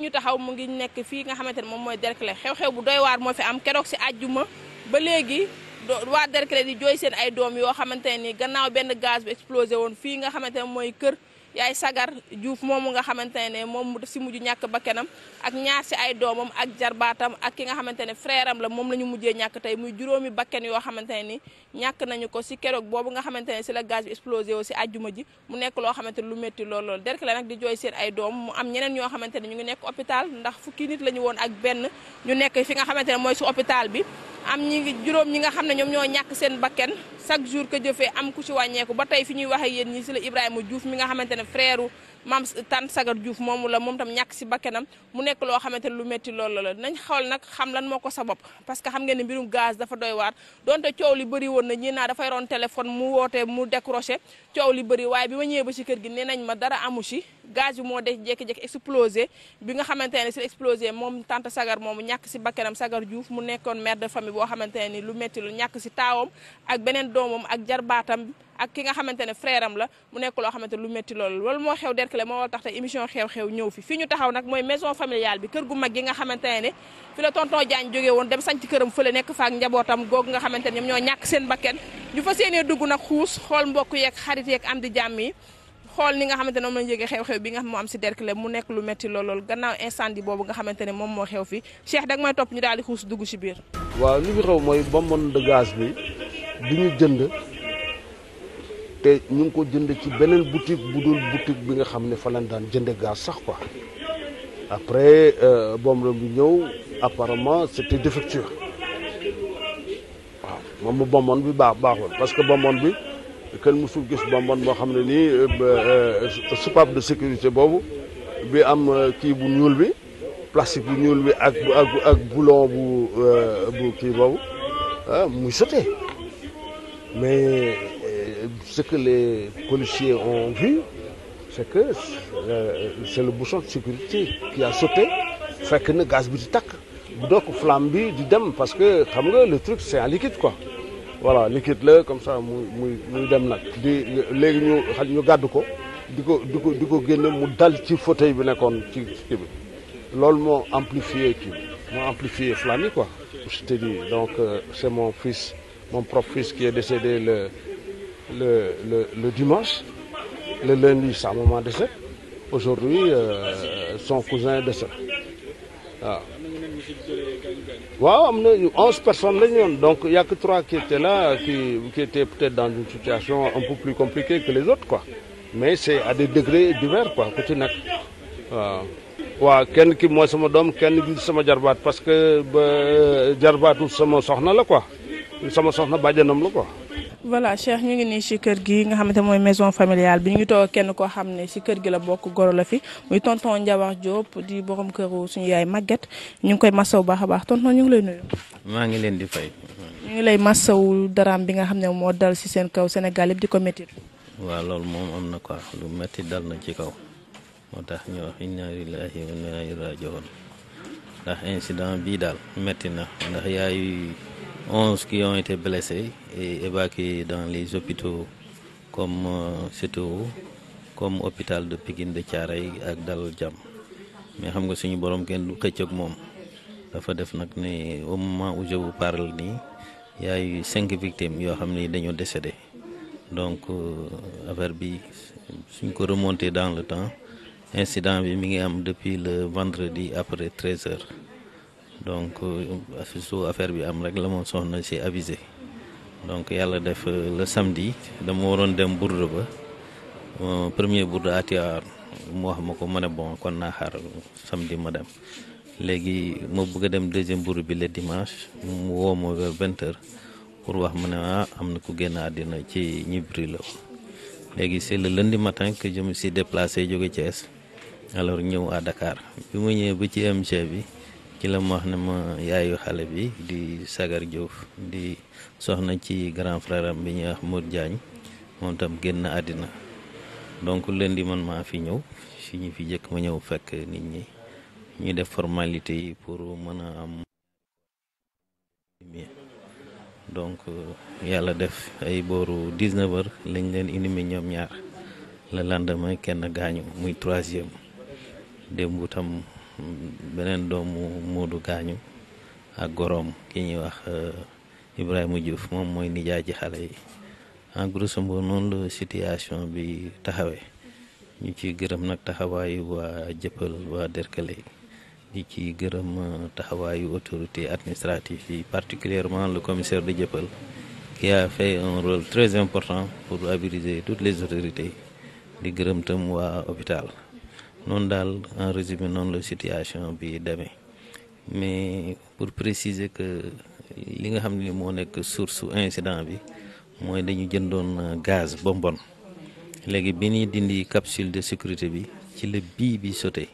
ñu taxaw mu ngi nekk fii nga xamante ne moom mooy Derklé xew-xew bu doy waar moo fi am keroog si àjjuma ba léegi do waa Derklé di jooy seen ay doom yoo xamante ne ni gannaaw benn gaz bu explosé woon fii nga xamante ne mooy kër yaay sagar Diouf moomu nga xamante ne moom si mujj ñàkk bakkanam ak ñaar si ay doomam ak jarbaatam ak ki nga xamante ne frère la moom la ñu mujjee ñàkk tey muy juróomi bakkan yoo xamante ne nii ñàkk nañu ko si keroog boobu nga xamante ne si la gaz bi explosé aussi àjjuma ji mu nekk loo xamante ne lu métti lool lool derk la nag di jooy seen ay ne ñu ngi nekk hôpital ndax fukki nit la ñu woon ak benn nekk fi nga xamante ne mooy si hôpital bi am ñi ngi juróom ñi nga xam ne ñoom ñoo ñàkk seen bakken chaque jour que jëfee am ku ci wàññeeku tey fi ñuy wax ak yéen si la Ibrahima Diouf mi nga xamante ne frère maam tan sagar Diouf moomu la moom tam ñàkk si bakkanam mu nekk loo xamante ne lu métti loolu la nañ xool nag xam lan moo ko sabab parce que xam ngeen ne mbirum gaz dafa doy waat donte coow li bëri woon na ñii naa dafay roon téléphone mu woote mu décroché coow li bëri waaye bi ma ñëwee ba ci kër gi nee nañ ma dara amu ci gaz bi moo de jékki-jékki explosé bi nga xamante ne si explosé moom tante Sagar moomu ñàkk si bakkanam Sagar Diouf mu nekkoon mère de famille boo xamante ne ni lu métti lu ñàkk si taawam ak beneen doomam ak jarbaatam ak ki nga xamante ne frère la mu nekk loo xamante lu métti loolu moo xew Derklé moo tax tey émission xew-xew ñëw fi fii ñu taxaw nag mooy maison familiale bi kër gu mag gi nga xamante ne fi la tonton Diagne jógee woon dem sañc këram fële nekk faak njabootam googu nga xamante ne ñoom ñoo ñàkk seen bakken ñu fas yéenee dugg nag xuus xool mbokk yeeg xarit yeeg am jàmm xool ni nga xamante ne moom lañ jógee xew-xew bi nga xam moo am si Derklé mu nekk lu metti lool lool gannaaw incendie boobu nga xamante ne moom moo xew fi Cheikh dag may topp ñu daal di xuus dugg si biir. waaw li fi mooy bonbonne de gaz bi bi ñu te ñu ngi ko jënd ci beneen boutique bu dul bi nga xam ne fa lañ daan jënde gaz sax quoi après euh, bonbonne ñëw apparemment c'était défectueux waaw moom mu bonbonne bi baax baaxul parce que bonbonne bi. kenn mësul gis bonbonne boo xam ne nii euh, euh, soupape de sécurité boobu bi am euh, kii bu ñuul bi plastique bu ñuul bi ak ak ak boulon bu bu kii boobu ah, muy sauté mais ce que les policiers ont vu c'est que c'est le bouchon de sécurité qui a sauté fekk ne gaz bi di takk donc flamme bi di dem parce que xam nga le truc c'est en liquide quoi voilà liquide la comme ça muy muy muy dem nag di léegi ñu xaj ñu gàddu ko di ko di di ko génne mu dal ci fauteuil bi nekkoon ci kii bi loolu moo amplifié kii moo amplifié flamme yi quoi je te dis donc euh, c' mon fils mon propre fils qui est décédé le le le le dimanche le lundi sa maman décède aujourd'hui euh, son cousin décède waaw ah. waaw am na onze personnes la ñu donc y a que trois qui étaient là qui qui étaient peut-être dans une situation un peu plus compliquée que les autres quoi mais c'est à des degrés divers quoi ku nekk waaw kenn ki mooy sama doom kenn ki sama jarbaat parce que ba jarbaatu sama soxna la quoi sama soxna bàjjanam la quoi voilà Cheikh ñu ngi nii ci kër gi nga xamante mooy maison familial bi ñu ngi toog kenn koo xam ne ci kër gi la bokk goro la fi muy tonton Ndiawar Diop di borom këru suñu yaay Maguette ñu ngi koy masawu baax a baax tonton ñu ngi lay nuyu. maa ngi leen di fay. ñu ngi lay masawu daraam bi nga xam ne moo dal ci seen kaw Sénégal yëpp di ko métti. waaw loolu moom am na quoi lu métti dal na ci kaw moo tax ñu wax inna lillahi wa inna ilayhi rajiun ndax incident bii daal métti na ndax 11 qui ont été blessés et évacués dans les hôpitaux comme CTO euh, comme hôpital de Pikine de Thiaroye ak Dalal Jàmm mais xam nga suñu borom kenn du xëcc ak moom dafa def nag ne au moment où je vous parle nii y a cinq victimes yoo xam ni dañoo décédé donc euh, affaire bi suñ ko remonté dans le temps incident bi mi ngi am depuis le vendredi après 13 heures. donc euh, su affaire bi am rek la ma soxna si aviser donc yàlla def euh, le samedi dama waroon dem bourde ba euh, premier bourde à mu wax ma ko ma ne bon kon naa xaar samedi ma dem léegi moo bëgg a dem deuxième bourde bi le dimanche mu woo ma vers pour wax ma ne ah, am na ku génn àddina ci ñibri la léegi c'est le lundi matin que je me suis déplacé jóge Thiès alors ñëw à Dakar bi ma ñëwee ba ci MG bi. ci la ma wax ne ma yaayu xale bi di Sagar Diouf di soxna ci grand frère bi ñu wax Mour Diagne moom tam génn àddina donc leen di man maa fi ñëw si ñu fi jëkk ma ñëw fekk nit ñi ñu def formalité yi pour mën a am donc yàlla def ay booru 19 heures lañ leen inhumé ñoom ñaar la lendemain kenn gaañu muy troisième démb tam beneen doomu Moodu gaañu ak goroom ki ñuy wax euh, Ibrahima Diouf moom mooy nijaa ji xale yi en grosso modo noonu la situation bi taxawee ñu ci gërëm nag taxawaayu waa jëppal waa Derklé di ci gërëm euh, taxawaayu autorité administrative yi particulièrement le commissaire de jëppal qui a fait un rôle très important pour habiliter toutes les autorités di gërëm tam waa hôpital noonu daal en résumé noonu la situation bi demee mais pour préciser que li nga xam ne moo nekk source su incident bi mooy dañu jëndoon gaz bonbon léegi bi ñuy dindi capsule de sécurité bi ci la bii bi sauté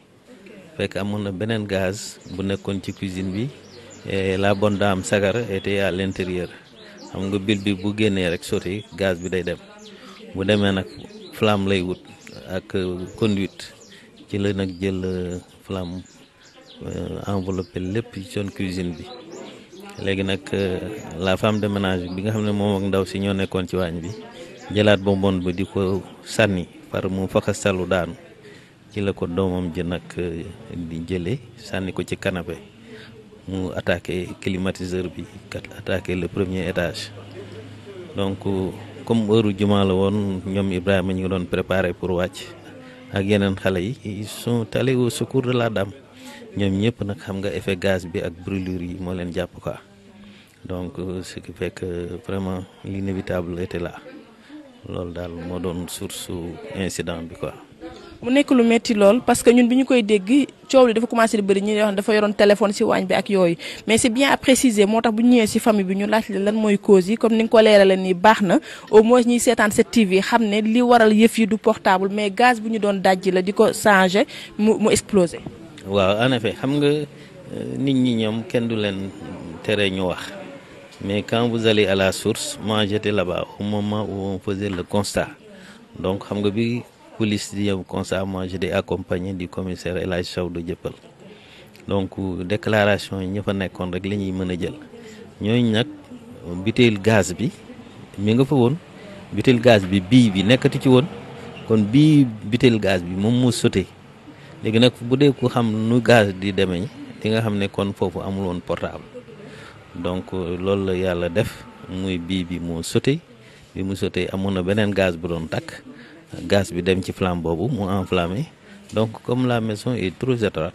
fekk amoon na beneen gaz bu nekkoon ci cuisine bi la bonne dame sagar était à l'intérieur xam nga bil bi bu génnee rek sauté gaz bi day dem bu demee nag flamme lay wut ak conduite ci la nag jël euh, flamme euh, enveloppé lépp ci son cuisine bi léegi nag euh, la femme de ménage bi nga xam ne moom ak ndaw si ñoo nekkoon ci waañ bi jëlaat bonbon bi di ko sànni par mu fakastalu daanu ci la ko doomam ji nag di jëlee sànni ko ci canapé mu attaqué climatiseur bi kat attaqué le premier étage donc comme heure jumaa la woon ñoom Ibrahima ñu ngi doon préparer pour wàcc ak yeneen xale yi ils sont allés au secours de la dame ñoom ñëpp nag xam nga effet gaz bi ak brûlure yi moo leen jàpp quoi donc euh, ce qui fait que vraiment l'inévitable était là loolu daal moo doon source incident bi quoi. mu nekk lu metti lool parce que ñun bi ñu koy dégg coow li dafa commencé di bëri ñu wax dafa yoroon téléphone ci waañ bi ak yooyu mais c'est bien à préciser moo tax bu ñu ñëwee ci famille bi ñu laaj lan mooy cause yi comme ni nga ko leeralee nii baax na au moins ne li waral yëf yi du portable mais gaz bu ñu doon dajji la di ko changer mu mu exploser. waaw en effet xam nga euh, nit ñi ñoom kenn du leen tere ñu wax mais quand à la source moi j'étais là-bas au moment où le constat donc xam nga bi. coulisses di yem comme ça moi j'étais accompagné du commissaire El Sow de Jëppal donc déclaration yi ñu fa nekkoon rek la ñuy mën a jël ñooñu nag butéel gaz bi mi nga fa woon butéel gaz bi bii bi nekkatu ci woon kon bii butéel gaz bi moom moo sotee léegi nag bu dee ku xam nu gaz di demee di nga xam ne kon foofu amul woon portable donc loolu la yàlla def muy bii bi moo sotee bi mu sotee amoon na beneen gaz bu doon takk. gaz bi dem ci flamme boobu mu enflammé donc comme la maison et trop étroite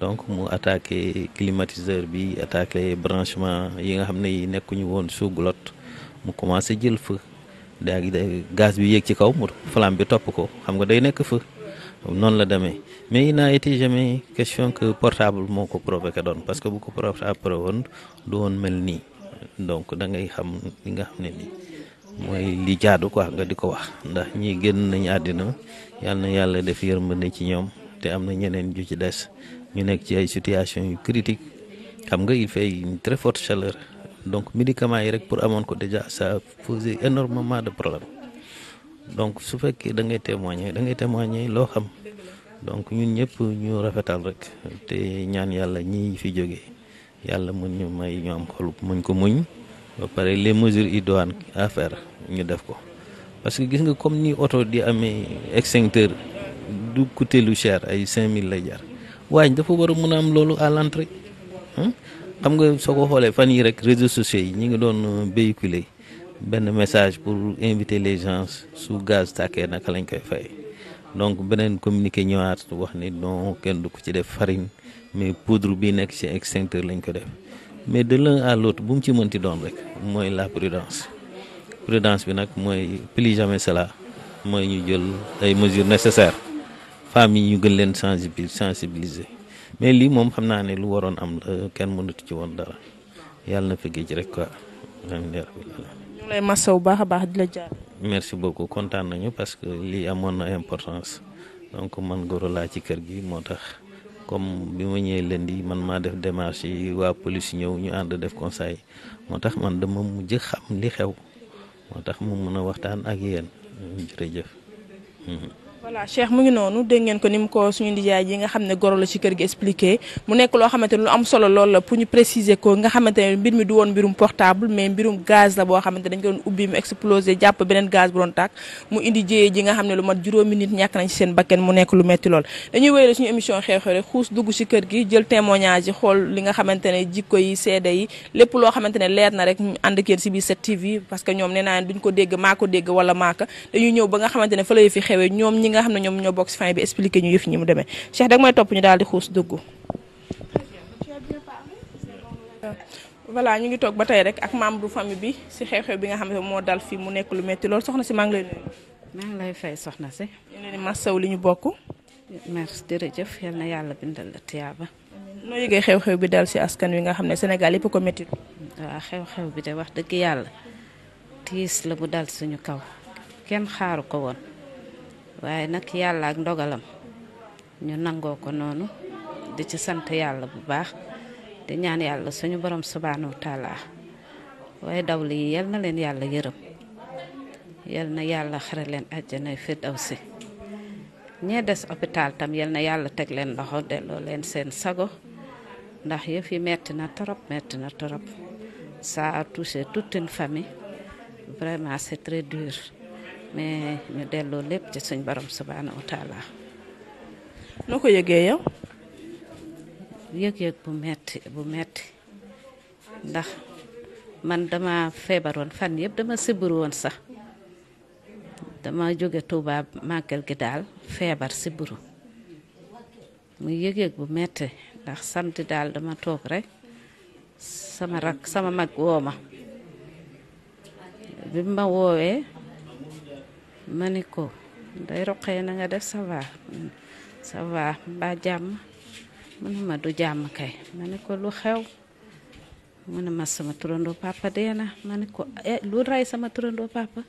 donc mu attaqué climatiseur bi attaqué branchement yi nga xam ne yi nekkuñu woon sous glotte mu commencé jël feu daagi gaz bi yéeg ci kaw mu flamme bi topp ko xam nga day nekk feu noonu la demee mais il n'a été jamais question que portable moo ko provoqué doon parce que bu ko portable woon du woon mel nii donc da ngay xam li nga xam ne nii mooy li jaadu quoi nga di ko wax ndax ñi génn nañ àddina yal na yàlla def yërmande ci ñoom te am na ñeneen ju ci des ñu nekk ci ay situation yu critique xam nga il fait une très forte chaleur donc médicaments yi rek pour amoon ko déjà sa a posé énormément de problème donc su fekkee da ngay témoigner da ngay témoigner loo xam donc ñun ñëpp ñu rafetal rek te ñaan yàlla ñi fi jóge yàlla mën ñu may ñoom am muñ ko muñ ba pare les mesures idoines à faire ñu def ko parce que gis nga comme ni oto di amee extincteur du coûter lu chair ay 5000 lay jar waaye dafa war a mun a am loolu à l'entrée xam nga soo ko xoolee fan yi rek réseau sociaux yi ñu ngi doon euh, véhiculer benn message pour inviter les gens su gaz tàkkee naka lañ koy fay donc beneen communiqué ñëwaat wax ni non kenn du ko ci def farine mais poudre bi nekk ci extincteur lañ ko def. mais de l'un à l'autre bu mu ci mënti doon rek mooy la prudence prudence bi nag mooy plus jamais cela mooy ñu jël ay mesures nécessaires femmes yi ñu gën leen sensibiliser mais lii moom xam naa ne lu waroon am kenn mënatu ci woon dara yàlla na fekkee ci rek quoi amiin yaa baax a baax di la merci beaucoup kontaan nañu parce que lii amoon na importance donc man góor laa ci kër gi moo tax comme bi ma ñëwee lundi man maa def démarche yi waa police ñëw ñu ànd def conseil moo tax man dama mujj xam li xew moo tax mu mën a waxtaan ak yéen jërëjëf. Hmm. voilà Cheikh mu ngi noonu dégg ngeen ko ni mu ko suñu nijaay ji nga xam ne goro la ci kër gi expliqué mu nekk loo xamante lu am solo lool la pour ñu préciser ko nga xamante ne mbir mais mbirum gaz la xamante dañ ko doon ubbi mu explosé ji nga xam ne lu mat juróomi nit ñàkk nañ ci seen bakken mu nekk lu metti lool dañuy wéyale suñu émission xew-xew rek xuus dugg ci kër gi jël témoignage yi xool li nga xamante ne jikko yi seede yi lépp loo xamante ne leer na rek ñu ànd ak yéen ci biir 7TV parce que ñoom nee naa duñ ko dégg maa ko dégg wala maaka dañuy ñëw ba nga xamante fa lay fi xewee ñi nga xam ne ñoom ñoo bokk si fin bi expliqué ñu yëf ñi mu demee Cheikh dag may topp ñu daal di xuus dugg. voilà ñu ngi toog ba tey rek ak bu famille bi si xew-xew bi nga xam ne moo dal fii mu nekk lu metti soxna si maa ngi lay fay soxna si. ñu leen li ñu bokk. merci jërëjëf yal na yàlla bindal la tiyaaba. noo yëgee xew-xew bi dal si askan wi nga xam ne senegal yépp ko metti waaw xew-xew bi de wax dëgg yàlla tiis la bu dal suñu kaw kenn xaaru ko woon. waaye nag yàlla ak ndogalam ñu nangoo ko noonu di ci sant yàlla bu baax di ñaan yàlla suñu borom subhaanahu wa waaye dawli yi yal na leen yàlla yërëm yal na yàlla xare leen daw si ñee des hôpital tam na yàlla teg leen loxo delloo leen seen sago ndax yëf yi metti na trop metti na torop ça a tout toute famille vraiment c'est très dur mais ñu delloo lépp ci suñ borom subhaanahu wa taala noo ko yëgee yow yëg-yëg bu metti bu metti ndax man dama feebaroon fan yëpp dama sibbiru woon sax dama jóge Touba màggal gi daal feebar sibbiru muy yëg-yëg bu metti ndax samedi daal dama toog rek sama rak sama mag woo ma bi ma woowee ma ni ko day roqee na nga def ça va ça va mbaa jàmm mu ne ma du jàmm kay ma ko lu xew mun ne ma sama turandoo papa dee na ma ko eh, lu rey sama turandoo papa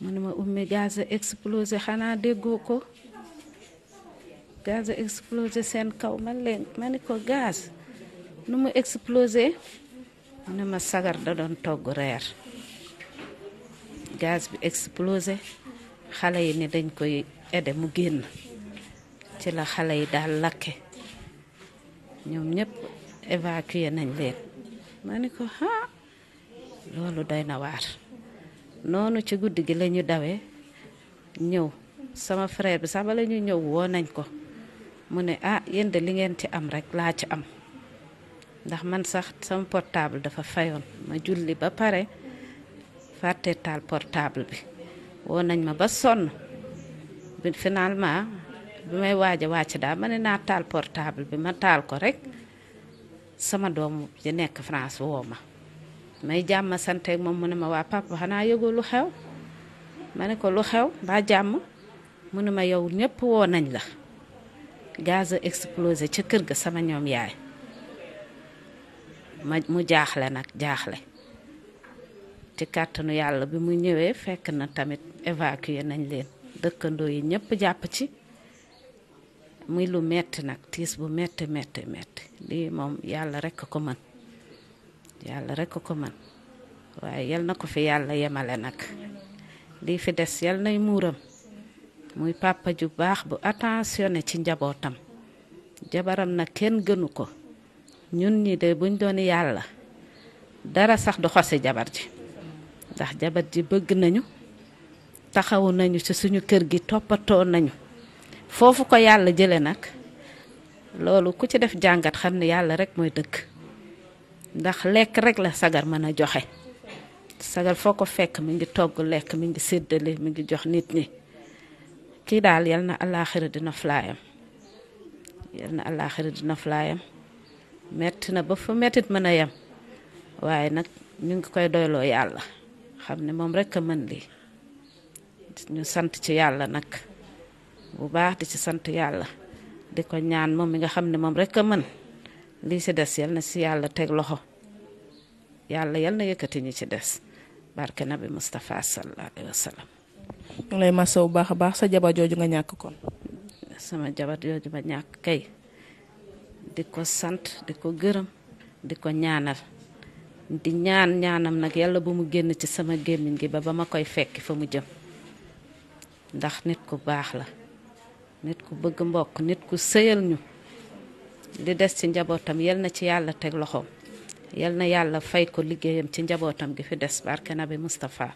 mu ne ma ummi gaz a explosé xanaa déggoo ko gaz a seen kaw ma leen ma ni ko gaz nu mu explosé mu ne ma sagar da doon togg reer gaz bi explosé xale yi ni dañ koy aidé mu génn ci la xale yi daal lakke ñoom ñëpp évacué nañ leen ma ni ko ha loolu day na waar noonu ci guddi gi la ñu dawee ñëw sama frère bi sax bala ñu ñëw woo nañ ko mu ne ah yéen li ngeen ci am rek laa ci am ndax man sax sama portable dafa fayoon ma julli ba pare fàtte taal portable bi woo nañ ma ba sonn bi finalement bi may waaj a wàcc daal ma ne naa taal portable bi ma taal ko rek sama doom ci nekk France woo ma may jàmm sante ak moom mu ne ma waa papa xanaa yëgoo lu xew ma ne ko lu xew mbaa jàmm mu ne ma yow ñépp woo nañ la gaz explosé ca kër ga sama ñoom yaay ma mu jaaxle nag jaaxle ci kàttanu yàlla bi mu ñëwee fekk na tamit évacuer nañ leen dëkkandoo yi ñëpp jàpp ci muy lu metti nag tiis bu metti metti metti lii moom yàlla rekk ko mën yàlla rekk ko mën waaye yal na ko fi yàlla yemale nag lii fi des yal nay muuram muy papa ju baax bu attentionné ci njabootam jabaram nag kenn gënu ko ñun ñi de buñ doon yàlla dara sax du xosi jabar ji ndax jabat ji bëgg nañu taxawu nañu ci suñu kër gi toppatoo nañu foofu ko yàlla jële nag loolu ku ci def jàngat xam ne yàlla rek mooy dëkk ndax lekk rek la sagar mën a joxe sagar foo ko fekk mi ngi togg lekk mi ngi séddale mi ngi jox nit ñi kii daal yal na àllaaxira di flaayam yal na àllaaxira dina flaayam metti na ba fa mettit mën a yem waaye nag ñu ngi koy doyloo yàlla xam ne moom rek a mën lii ñu sant ci yàlla nag bu baax di ci sant yàlla di ko ñaan moom mi nga xam ne moom rek a mën lii ci des yal na ci yàlla teg loxo yàlla yal na yëkkati ñi ci des barke nabi Moustapha sallallahu alayhi wa baax a baax sa jabar jooju nga ñàkk kon. sama jabar jooju ba ñàkk kay di ko sant di ko gërëm di ko ñaanal. di ñaan ñaanam nag yàlla bu mu génn ci sama gémmiñ gi ba ba ma koy fekki fa mu jëm ndax nit ku baax la nit ku bëgg mbokk nit ku sëyal ñu li des ci njabootam yal na ci yàlla teg loxoom yal na yàlla fay ko liggéeyam ci njabootam gi fi des barke bi Moustapha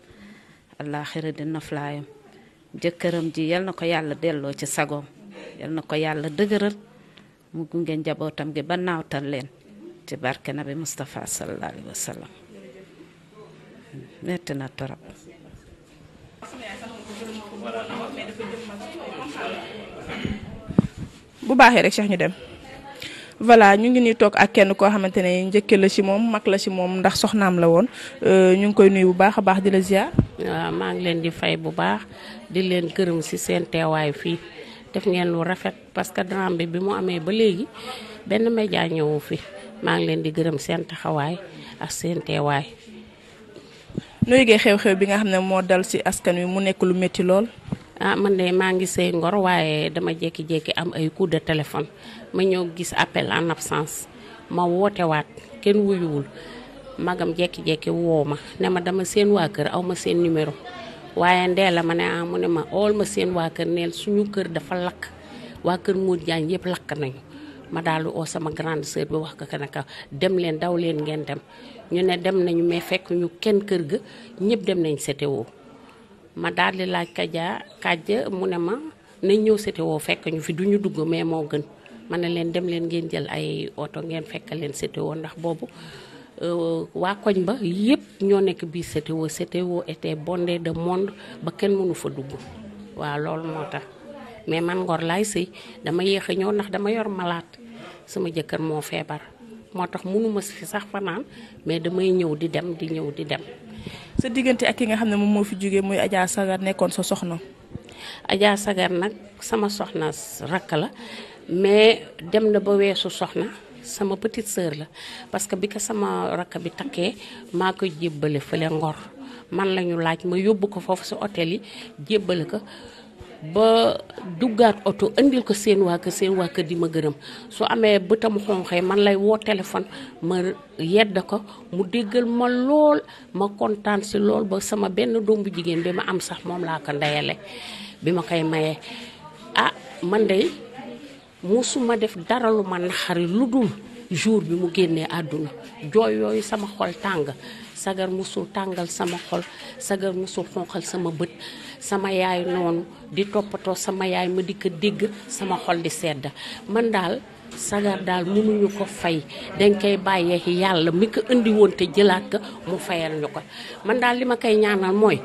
àllaaxira di noflaayam jëkkëram ji yal na ko yàlla delloo ci sagoom yal na ko yàlla dëgëral mu gunge njabootam gi ba naawtal leen ci barke nabi Moustapha sallallahu alayhi wa na torop bu baaxee rek Cheikh ñu dem voilà ñu ngi nii toog ak kenn koo xamante ne njëkke la ci moom mag la ci moom ndax soxnaam la woon euh, ñu ngi koy nuyu bu baax a baax di la ziar. waaw maa ngi leen di fay bu baax di leen gërëm ci seen teewaay fii def ngeen lu rafet parce que drame bi bi mu amee ba léegi benn média ñëwu fi maa ngi leen di gërëm seen taxawaay ak seen teewaay. noo yëgee xew-xew bi nga xam ne moo dal ci askan wi mu nekk lu métti lool. ah man de maa ngi sëy ngor waaye dama jékki-jékki am ay coup de téléphone ma ñëw gis appel en absence ma woote waat kenn wuyuwul magam jékki-jékki woo ma ne ma dama seen waa kër aw ma seen numéro waaye ndee la ma ne ah mu ne ma ol ma seen waa kër neen suñu kër dafa lakk waa kër Modou Diagne yëpp lakk nañu. ma daal oo sama grande sœur bi wax ko que naka dem leen daw leen ngeen dem ñu ne dem nañu mais fekk ñu kenn kër ga ñëpp dem nañ CTO ma daal laaj kaja kàjja mu ne ma ne ñëw CTO fekk ñu fi du ñu dugg mais moo gën ma ne leen dem leen ngeen jël ay oto ngeen fekk leen CTO ndax boobu euh, waa koñ ba yëpp ñoo nekk biir CTO CTO était bondé de monde ba kenn mënu fa dugg waaw loolu moo tax mais man ngor laay sëy dama yéex a ñëw ndax dama yor malaat sama jëkkër moo feebar moo tax mënuma si sax fanaan mais damay ñëw di dem di ñëw di dem. sa diggante ak yi nga xam ne moom moo fi jógee mooy Adja Sagar nekkoon sa soxna. Adja Sagar nag sama soxna rakk la mais dem na ba weesu soxna sama petite sœur la parce que bi ko sama rakk bi takkee maa ko jébbale fële Ngor man lañu laaj ma yóbbu ko foofu si hôtel yi jébbale ko. ba duggaat oto indil ko seen waa kër seen waa kër di ma gërëm su amee bëtam xonxee man lay woo téléphone ma yedd ko mu déggal ma lool ma kontaan si lool ba sama benn doom jigéen bi ma am sax moom laa ko ndeyale bi ma koy mayee ah man dey musuma def dara lu ma naxari lu dul jour bi mu génnee àdduna jooy yooyu sama xol tàng sagar musul tàngal sama xol sagar musul xonqal sama bët sama yaay noonu di toppatoo sama yaay ma di ko dégg sama xol di sedd man daal sagar daal ñu ko fay dañ koy bàyyee yàlla mi ko indiwoon te jëlaat ko mu fayal ñu ko man daal li ma koy ñaanal mooy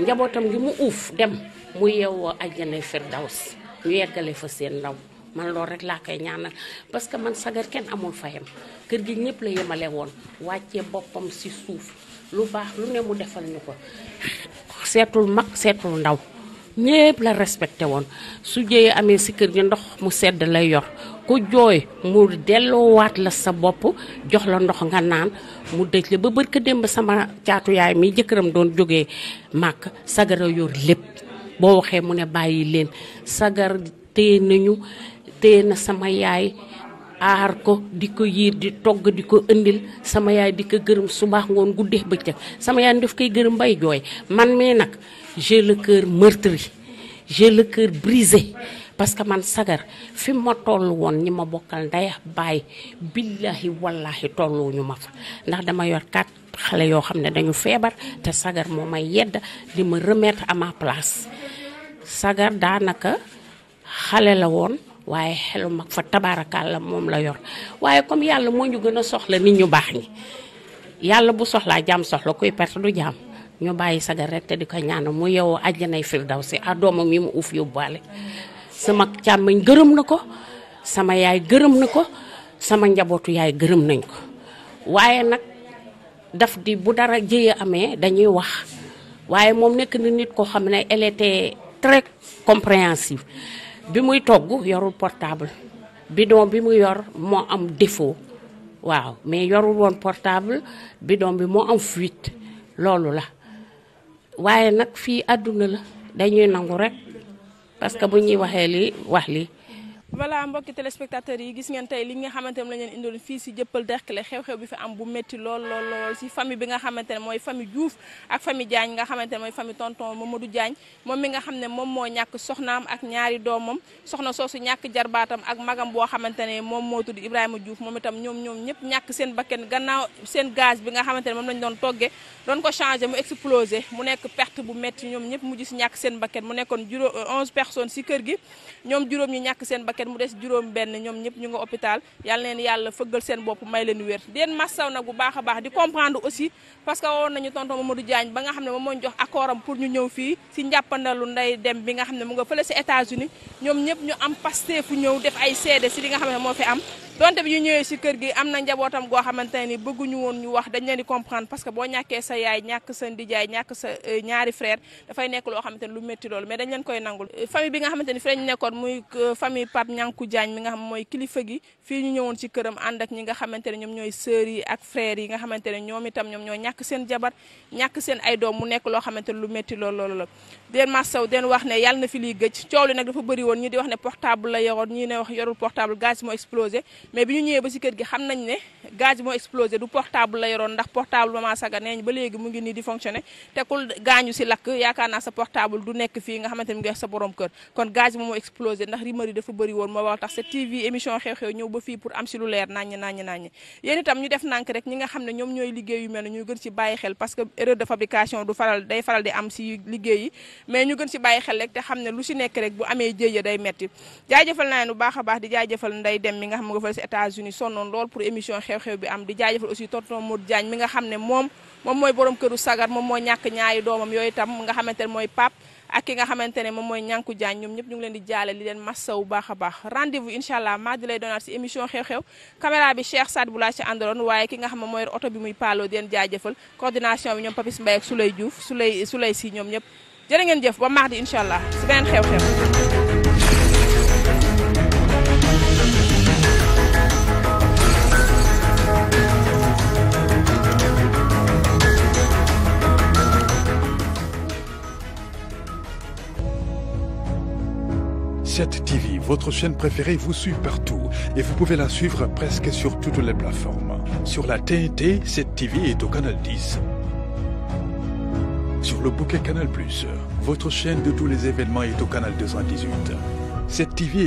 njabootam gi mu uuf dem mu yeewoo àjjanay firdaws ñu yeggale fa seen ndaw man loolu rek laa koy ñaanal parce que man sagar kenn amul fayam kër gi ñëpp la yemale woon wàccee boppam si suuf lu baax lu ne mu defal ñu ko seetul mag seetul ndaw ñëpp la respecté woon su jëyee amee si kër gi ndox mu sedd lay yor ku jooy mu delloowaat la sa bopp jox la ndox nga naan mu dëj la ba barka démb sama caatu yaay mi jëkkëram doon jógee màkk sagara yor lépp boo waxee mu ne bàyyi leen sagar téye nañu téye na sama yaay aar ko di ko yiir di togg di ko indil sama yaay di ko gërëm subaax ngoon guddee bëccëg sama yaay daf koy gërëm bay jooy man mii nag j'ai le cœur meurtri j'ai le kër brisé parce que man sagar fi ma toll woon ñi ma bokkal ndey baay billahi wallahi tolluñu ma fa ndax dama yor kat xale yoo xam ne dañu feebar te sagar moo may yedd di ma remettre à place sagar daanaka xale la woon waaye xelu mag fa tabaarakaal la moom la yor waaye comme yàlla moo ñu gën a soxla nit ñu baax ñi yàlla bu soxlaa jaam soxla kuy perte du jaam ñu bàyyi sagar te di ko ñaanal mu yeewoo àjjanay si ah doomam yi mu uuf yóbbaale sama càmmiñ gërëm na ko sama yaay gërëm na ko sama njabootu yaay gërëm nañ ko waaye nag daf di bu dara jëye amee dañuy wax waaye moom nekk na nit koo xam ne elle était très compréhensive bi muy togg yorul portable bidon bi mu yor moo am défaut waaw mais yorul woon portable bidon bi moo am fuite loolu la waaye nag fii àdduna la dañuy nangu rek parce que bu ñuy waxee li wax li voilà mbokki téléspectateurs yi gis ngeen tey li nga xamante ne nga xamante ne mooy famille Diouf ak famille Diagne nga xamante ne mooy famille tonton moom mi nga xam ne moom moo ñàkk soxnaam ak ñaari doomam soxna soosu ñàkk jarbaatam ak magam boo xamante ne moom moo tudd Ibrahima Diouf moom itam ñoom ñoom ñëpp ñàkk seen bakken gannaaw seen gaz bi nga xamante ne moom lañ doon togge doon ko changé mu explosé mu nekk perte bu metti ñoom ñëpp mujj si ñàkk seen bakken mu nekkoon juróom 11 euh, personnes si kër gi ñoom juróom ñi ñàkk seen bakken téeméer mu des juróom benn ñoom ñëpp ñu nga hôpital yal na leen yàlla fëggal seen bopp may leen wér deen massaw nag bu baax a baax di comprendre aussi parce que woon nañu tonton Mamadou Diagne ba nga xam ne moom mooñ jox accord am pour ñu ñëw fii si njàppandalu nday dem bi nga xam ne mu nga fële si États-Unis ñoom ñëpp ñu am paste fu ñëw def ay seede si li nga xam ne moo fi am donte bi ñu ñëwee si kër gi am na njabootam goo xamante ni bëgguñu woon ñu wax dañ leen di comprendre parce que boo ñàkkee sa yaay ñàkk sa ndijaay ñàkk sa euh, ñaari frère dafay nekk loo xamante ne lu métti loolu mais dañ leen koy nangul euh, famille bi nga xamante ni fi lañ nekkoon muy euh, famille Pape Ñanku Diagne mooy kilifa gi fii ñu ñëwoon si këram ànd ak ñi nga xamante ne ñoom ñooy sœurs yi ak frères yi nga xamante ne ñoom ñoom ñoo ñàkk seen jabar ñàkk seen ay doom mu nekk loo xamante ne lu métti loolu loolu la den wax ne yàlla na fi liy gëj coow li nag dafa bëri woon ñi di wax ne portable la yoroon ñi ne wax yorul portable gaz moo explosé mais bi ñu ñëwee ba ci kër gi xam nañ ne gaz bi moo explosé du portable la yoroon ndax portable maman Saga nee ba léegi mu ngi nii di fonctionné te kul gaañu si lakk yaakaar naa sa portable du nekk fii nga xamante ni nga sa borom kon gaz bi moo explosé dafa bëri woon moo wax tax sa émission xew-xew ñëw fii pour am si lu leer naññ naññ naññ yéen itam ñu def nga xam ne ñoom ñooy liggéey yu mel ne ñu gën si bàyyi xel parce que erreur de fabrication du faral day faral di am si liggéey mais ñu gën si bàyyi xel rek te xam ne lu si nekk rek bu amee jéeya day metti jaajëfal naa leen bu baax a baax di jaajëfal nday dem mi si États-Unis sonnoon lool pour émission xew-xew bi am di jaajëfal aussi tonton Modou Diagne mi nga xam ne moom moom mooy borom këru sagar moom moo ñàkk ñaari doomam yooyu tam nga xamante ne mooy pap ak ki nga ne moom mooy ñànku jaañ ñoom ñëpp ñu ngi leen di jaale li leen u baax a baax rendez-vous incha allah maa di lay doonaat si émission xew-xew caméra bi Cheikh Saad bu laa ci àndaloon waaye ki nga xam ne mooy oto bi muy paaloo di leen jaajëfal coordination bi ñoom Papis Mbaye ak Souley Diouf Souley Souley si ñoom ñëpp jërë ngeen jëf ba mardi incha allah si beneen 7 TV, votre chaîne préférée, vous suit partout et vous pouvez la suivre presque sur toutes les plateformes. Sur la TNT, 7 TV est au canal 10. Sur le bouquet Canal+, votre chaîne de tous les événements est au canal 218. 7 TV